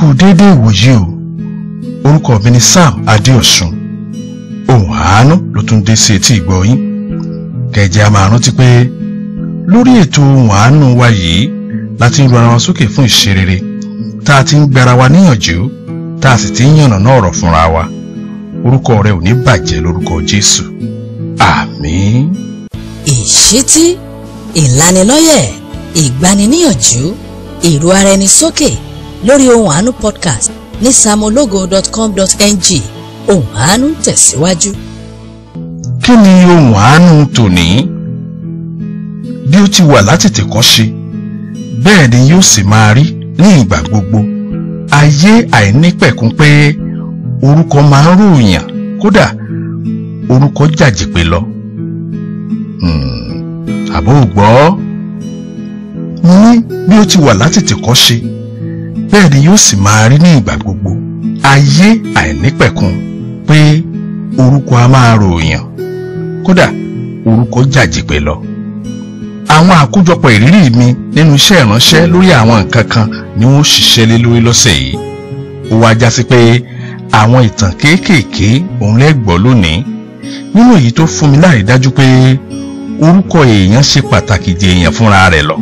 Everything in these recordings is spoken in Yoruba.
kú déédé ìwòyí o orúkọ mi ni Sam Adéọ̀sùn ohun àánú ló tún dé sí etí ìgbọ́ yín kẹjẹ a máa rántí pé lórí ètò ohun àánú wa yìí láti ń ru ara wa sókè fún ìṣerere tá a ti ń gbara wa níyànjú tá a sì ti ń yànnà náà ọ̀rọ̀ fúnra wa orúkọ rẹ ò ní bàjẹ́ lórúkọ Jésù àmín. ìṣítí ìlanilọ́yẹ̀ ìgbaniníyànjú ìrú ara ẹni sókè. So lórí ohun àánú podcast ní samologo.com.ng ohun àánú tẹ̀síwájú. kí ni ohun àánú tòní bí ó ti wà látètèkọ́ṣe bẹ́ẹ̀ ni yóò sì máa rí ní ìgbà gbogbo ayé àìnípẹ̀kún pé orúkọ máa ń ròyàn kódà orúkọ jàjìpé lọ hmm, àbò gbọ́ ní bí ó ti wà látètèkọ́ṣe bẹ́ẹ̀ ni yóò sì máa rí ní ìgbà gbogbo ayé àìnípẹ̀kun pé orúkọ a máa ròyàn kódà orúkọ jàjìpè lọ àwọn àkójọpọ̀ ìrírí mi nínú iṣẹ́ ìránṣẹ́ lórí àwọn nǹkan kan ni wọ́n ṣiṣẹ́ lé lórí lọ́sẹ̀ yìí ó wá já sí pé àwọn ìtàn kéékèèké òun lẹ́gbọ́ lónìí nínú èyí tó fún mi láì dájú pé orúkọ èèyàn ṣe pàtàkì jẹ èèyàn fúnra rẹ̀ lọ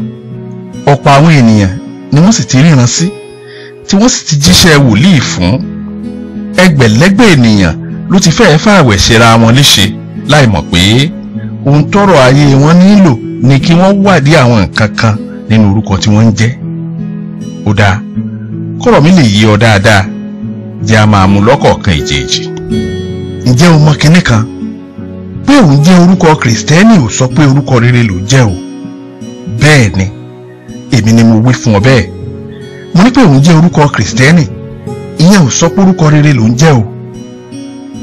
ọ̀pọ̀ àwọn ènìyàn ni wọ́n sì ti ríran sí tí wọ́n sì ti jíṣẹ́ wòlíì fún ẹgbẹ̀lẹ́gbẹ̀ ènìyàn ló ti fẹ́ẹ́ fàwẹ̀ ṣera wọn léṣe láì mọ̀ pé ohun tọrọ ayé wọn nílò ni kí wọ́n wádìí àwọn nǹkan kan nínú orúkọ tí wọ́n ń jẹ́ ó dáa kọ́rọ̀ mi lè yí ọ dáadáa jẹ́ a máa mú lọ́kọ̀ọ̀kan ìjèèjì ǹjẹ́ o mọ kinní kan pé òun jẹ́ orúkọ kìrìsìtẹ́nì ò sọ pé orúkọ rere ló jẹ́ o bẹ́ẹ̀ ni èmi ni mo wí fún ọ bẹ́ẹ̀ mo ní pé òun jẹ́ orúkọ kìrìsìtẹ́nì ìyẹn ò sọ pé orúkọ rere lòún jẹ́ o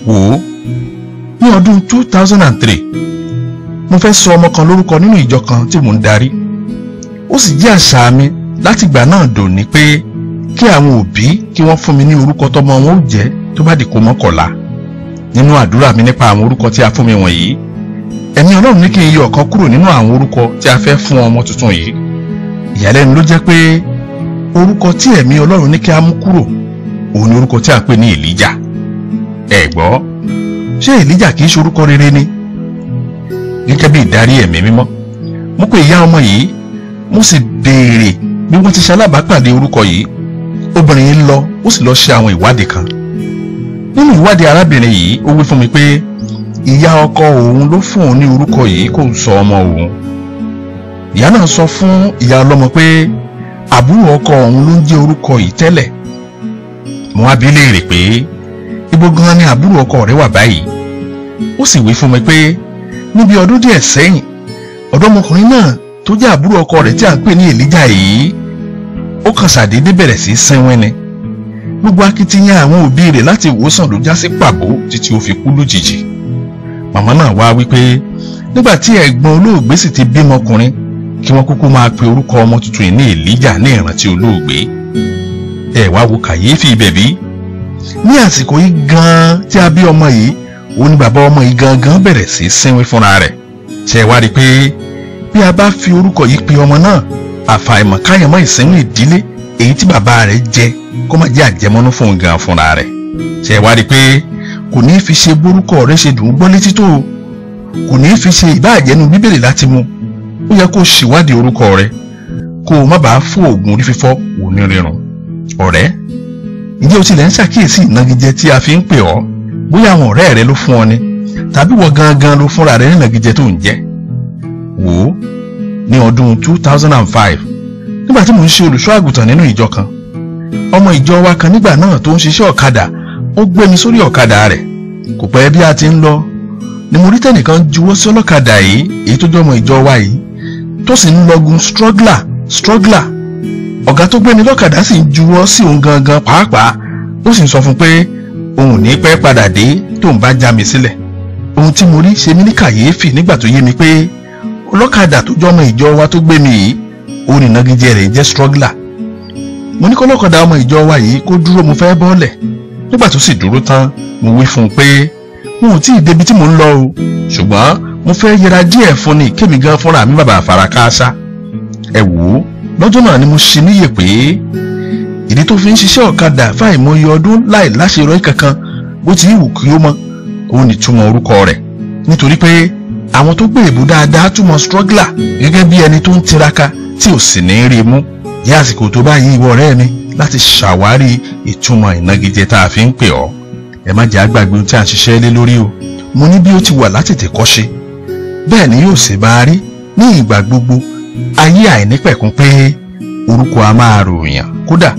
wò ó ní ọdún two thousand and three mo fẹ́ sọ ọmọ kan lórúkọ nínú ìjọ kan tí mò ń darí ó sì jẹ́ àṣà mi látìgbà náà dòní pé kí àwọn òbí kí wọ́n fún mi ní orúkọ tọmọ wọn ó jẹ́ tó bá di mọ́kànlá nínú àdúrà mi nípa àwọn orúkọ tí a fún mi wọ̀nyí ẹ̀mí ọlọ́run ní kí n yọ ọ̀kan kúrò nínú àwọn orúkọ tí a fẹ́ fún ọmọ tuntun yìí ìyàlẹ́nu ló jẹ́ pé orúkọ tí ẹ̀mí ọlọ́run ní kí a mú kúrò òun ni orúkọ tí a pè ní èlíjà ẹ gbọ́ ṣé èlíjà í ṣe orúkọ rere ni gẹ́gẹ́ bí ìdarí ẹ̀mí mímọ́ mo pe ìyá ọmọ yìí mo sì béèrè bí wọ́n ti ṣe alábàápàdé orúkọ yìí obìnrin yìí lọ ó sì lọ ṣe àwọn ìwádìí kan nínú ìwádìí arábìnrin yìí ó wí fún mi pé ìyá ọkọ òun ló fún òun ní orúkọ yìí kó sọ ọmọ òun ìyá náà sọ fún ìyá ọlọ́mọ pé àbúrò ọkọ ọ̀hún ló ń jẹ́ orúkọ yìí tẹ́lẹ̀ mo wá bi léèrè pé ibo gan ni àbúrò ọkọ rẹ wà báyìí ó sì wí fún mi pé níbi ọdún díẹ̀ sẹ́yìn ọ̀dọ́mọkùnrin náà tó jẹ́ àbúrò ọkọ rẹ̀ tí à ń pè ní èlíjà yìí ó kàn ṣàdédé bẹ̀rẹ̀ sí í sẹ́wọ́n ni gbogbo akitiyan àwọn òbí rẹ̀ láti wòsàn ló já sí pàbó títí ó fi kú lójijì màmá náà wá wípé nígbà tí ẹ̀gbọ́n olóògbé sì ti bímọ ọkùnrin kí wọ́n kúkú máa pe orúkọ ọmọ tuntun yìí ní Èlíjà ní ìrántí olóògbé ẹ wá wo kàyéfì ibẹ̀ bí ní àsìkò yìí gan-an tí a bí ọmọ yìí ó ní bàbá ọmọ yìí gangan bẹ̀rẹ̀ sí í sínwín fúnra rẹ̀ ṣe wá rí i pé bí a bá fi orúkọ yìí pe ọmọ náà àfàìmọ̀ káyọ̀mọ́ ìsínwín ìdílé èyí tí bàbá rẹ̀ jẹ kó má jẹ́ àjẹmọ́nú fún gan fúnra rẹ̀ ṣe wá rí i pé kò ní í fi ṣe bórúkọ rẹ̀ ṣe dùn ún gbọ́ létí tó kò ní fi ṣe ìbáàjẹ́nu bíbélì láti mu yẹ kó ṣèwádìí orúkọ rẹ kó o má bàa fún oògùn orí fífọ́ onírìnrùn ọ̀rẹ́ ǹjẹ́ o tilẹ̀ ń ṣàkíyèsí ìnagijẹ tí a fi ń pè ọ́ bóyá àwọn ọ̀rẹ́ rẹ ló fún ọ ni tàbí wọ gangan ló fúnra rẹ ní tó ń jẹ́ wò ó ní ọdún two thousand and five nígbà tí mò ń ṣe olùṣọ́ àgùntàn nínú ìjọ kan ọmọ ìjọ wa kan nígbà náà tó ń ṣiṣẹ́ ọ̀kadà ó gbé mi sórí ọ̀kadà rẹ̀ kò pẹ́ bí a ti ń lọ ni mo rí tẹnìkan juwọ́ sí ọlọ́kadà yìí èyí tó jẹ́ ọmọ ìjọ wa yìí tó sì ń lọgun struggler struggler ọ̀gá tó gbé ni lọ́kadà sì ń juwọ́ sí òun gangan pàápàá ó sì ń sọ fún pé òun ò ní pẹ́ padà dé tóun bá já mi sílẹ̀ ohun tí mo rí ṣe mí ní kàyéfì nígbà tó yé mi pé ọlọ́kadà tó jọ́ ọmọ ìjọ wa tó gbé mi yìí òun ìnagijẹ rẹ̀ jẹ́ struggler mo ní kọ́lọ́kadà ọmọ ìjọ wa yìí kó dúró mo fẹ́ bọ́ọ̀lẹ̀ nígbà tó sì dúró tán mo wí fún un pé wọn ò tí ì débi tí mò ń lọ o ṣùgbọ́n mo fẹ́ yẹra díẹ̀ fún ni kémi gan fúnra mi bàbá àfarakáásá ẹ wò ó lọ́jọ́ náà ni mo ṣe níyè pé ìdí tó fi ń ṣiṣẹ́ ọ̀kadà fáìmọye ọdún láì láṣeyọrí kankan bó ti wù kí ó mọ òun ni túmọ̀ orúkọ rẹ̀ nítorí pé àwọn tó gbé èbú dáadáa túmọ̀ struggler gẹ́gẹ́ bí ẹni tó ń tiraka tí ò sì ní rí mú yá àsìkò tó báyìí ìwọ ọ̀rẹ́ mi láti ṣàwárí ìtumọ̀ ìnagijẹ tá a fi ń pè ọ́ ẹ má jẹ́ àgbàgbé tí a ń ṣiṣẹ́ lé lórí o mo ní bí ó ti wà látètè kọ́ṣe bẹ́ẹ̀ ni yóò sì máa rí ní ìgbà gbogbo ayé àìnípẹ̀kún pé orúkọ a máa ròyàn kódà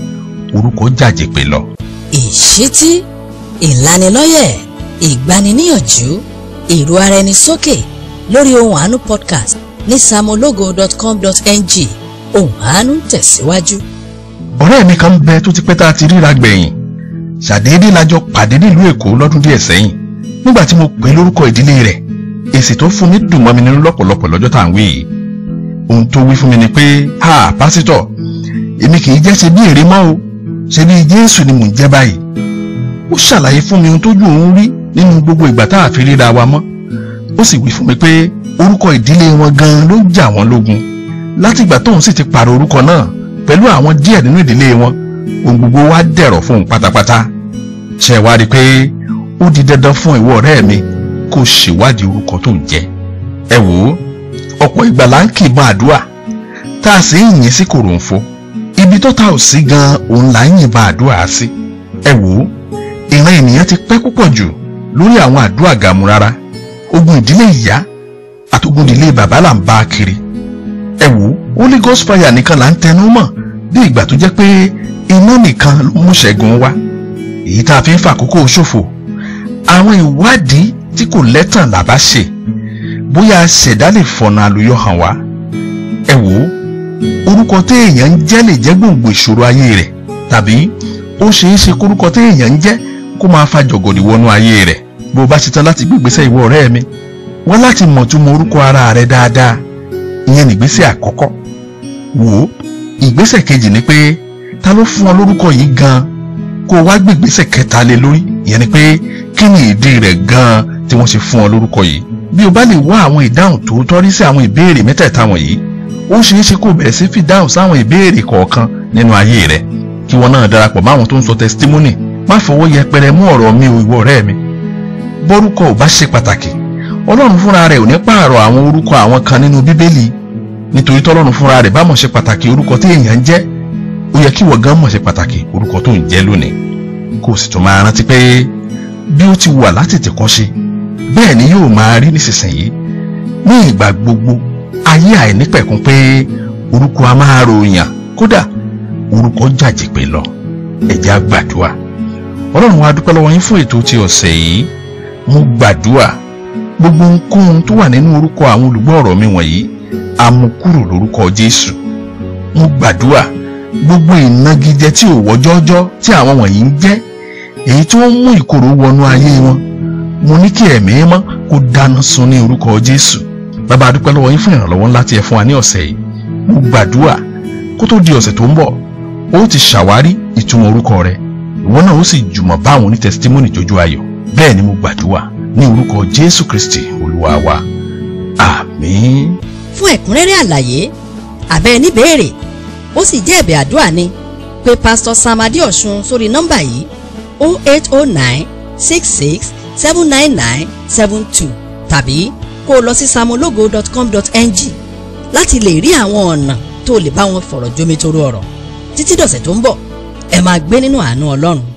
orúkọ jàjèpè lọ. ìṣítí ìlanilọ́yẹ̀ ìgbaniníyànjú ìró ara ẹni sókè lórí ohun àánú podcast ní samologo.com.ng ohun àánú ń tẹ̀síwájú. ọ̀rẹ́ mi kan bẹ tó ti pẹ́ tá a ti ríra gbẹ̀yìn ṣàdédé la jọ pàdé nílùú èkó lọ́dún díẹ̀ sẹ́yìn nígbà tí mo pè lórúkọ ìdílé rẹ̀ èsì tó fún mi dùn mọ́ mi nínú lọ́pọ̀lọpọ̀ lọ́jọ́ tá à ń wí yìí ohun tó wí fún mi ni pé ha pásítọ̀ èmi kì í jẹ́ ṣe bí èrè mọ́ o ṣe bí Jésù ni mò ń jẹ́ báyìí ó ṣàlàyé fún mi ohun tójú òun rí nínú gbogbo ìgbà tá a fi ríra wa mọ́ ó sì wí fún mi pé orúkọ ìdílé wọn gan ló jà wọ́n lógun látìgbà tóun sì ti pààrọ̀ orúkọ náà pẹ̀lú àwọn díẹ̀ nínú ìdílé wọn ohun gbogbo wa dẹ̀rọ̀ fún un pátápátá ṣe wá rí i pé ó di dandan fún ìwọ ọ̀rẹ́ mi kó ṣèwádìí orúkọ tó ń jẹ́ ẹ wò ó ọ̀pọ̀ ìgbà là ń kì í mọ àdúrà tá a sì ń yìn sí kòròǹfo ibi tó ta ò sí gan òun là ń yìnbọn àdúrà sí ẹ wò ó ìran ènìyàn ti pẹ́ púpọ̀ jù lórí àwọn àdúrà gàmù rárá ogun ìdílé ìyá àtogun ìdílé bàbá là ń bá a kiri ẹ wò ó holy ghost prayer nìkan là ń tẹnu mọ́ bí ìgbà tó jẹ́ pé iná nìkan ló mú ṣẹ́gun wá èyí tá a fi ń fàkókò ṣòfò àwọn ìwádìí tí kò lẹ́tàn làbá ṣe bóyá ṣẹ̀dá lè fọ̀nà àlùyọ hàn wá ẹ wò ó orúkọ téèyàn ń jẹ́ lè jẹ́ gbòǹgbò ìṣòro ayé rẹ̀ tàbí ó ṣeé ṣe kórúkọ téèyàn ń jẹ́ kó máa fa jọ̀gọ̀dì wọnú ayé rẹ̀ bó o bá ṣetán láti gbégbèsè ìwọ ọ̀rẹ́ mi wọ́n láti mọ̀túmọ̀ orúkọ ara rẹ̀ dáadáa ìyẹn nìgbésẹ̀ àkọ́kọ́ wò ó ìgbésẹ̀ kejì ni pé ta ló fún ọ lórúkọ yìí gan-an kó o wá gbègbèsè kẹta lé lórí ìyẹn ni pé kí ni ìdí rẹ̀ gan-an tí wọ́n ṣe fún ọ lórúkọ yìí bí o bá lè wá àwọn ìdáhùn tó tọ́rí sí àwọn ìbéèrè mẹ́tẹ̀ẹ̀ta wọ̀nyí ó ṣeé ṣe kó o bẹ̀rẹ̀ sí fi dáhùn sáwọn ìbéèrè kọ̀ọ̀kan nínú ayé rẹ̀ kí wọn náà darapọ̀ mọ́ àwọn tó ń sọ testimony má fọwọ́ yẹpẹrẹ mú ọ̀rọ̀ mi o ìwọ ọ̀rẹ́ mi bọ́rúkọ ò bá ṣe pàtàkì ọlọ́run fúnra rẹ̀ ò ní pààrọ̀ àwọn orúkọ àwọn kan nínú bíbélì nítorí tọ́lọ́run fúnra rẹ̀ bá mọ̀ ṣe pàtàkì orúkọ tí èèyàn ń jẹ́ ó yẹ kí ìwọ gan mọ̀ ṣe pàtàkì orúkọ tó ń jẹ́ lónìí kó o sì tún máa rántí pé bí ó ti wà láti tìkọ́ bẹ́ẹ̀ ni yóò máa rí nísinsìnyí ní ìgbà gbogbo ayé àìnípẹ̀kun pé orúkọ a máa ròyàn kódà orúkọ jàjì pé lọ ẹ̀já gbàdúrà ọlọ́run wa dúpẹ́ lọ́wọ́ yín fún ètò ti ọ̀sẹ̀ yìí mo gbàdúrà gbogbo ohunkóhun tó wà nínú orúkọ àwọn olùgbọ́ ọ̀rọ̀ mi wọ̀nyí amukúrò lórúkọ jésù mo gbàdúrà gbogbo ìnagijẹ tí ò wọ́jọ́jọ́ tí àwọn wọ̀nyí ń jẹ́ èyí tí wọ́n mú ìkorò wọnú ayé wọn mo ní kí ẹ̀mí mọ́ kó dáná sun ní orúkọ Jésù bàbá adúpẹ́ lọ́wọ́ yín fún ìrànlọ́wọ́ ńlá tí ẹ fún wa ní ọ̀sẹ̀ yìí mo gbàdúrà kó tó di ọ̀sẹ̀ tó ń bọ̀ ó ti ṣàwárí ìtumọ̀ orúkọ rẹ ìwọ náà ó sì jùmọ̀ bá àwọn oní jójú ayọ̀ bẹ́ẹ̀ ni mo gbàdúrà ní orúkọ Jésù Kristi olúwa wa àmín. fún ẹ̀kúnrẹ́rẹ́ àlàyé àbẹ́ ní 0244 ó sì jẹ́ ẹ̀bẹ̀ àdúrà ni pé pásítọ̀ Sam Adéọ̀sùn sórí nọ́mbà yìí 0809 66 799 72 tàbí kó o lọ sí samologo.com.ng láti lè rí àwọn ọ̀nà tó lè bá wọn fọ̀rọ̀ jomitoro ọ̀rọ̀ títí dọ̀sẹ̀ tó ń bọ̀ ẹ máa gbé nínú àánú Ọlọ́run.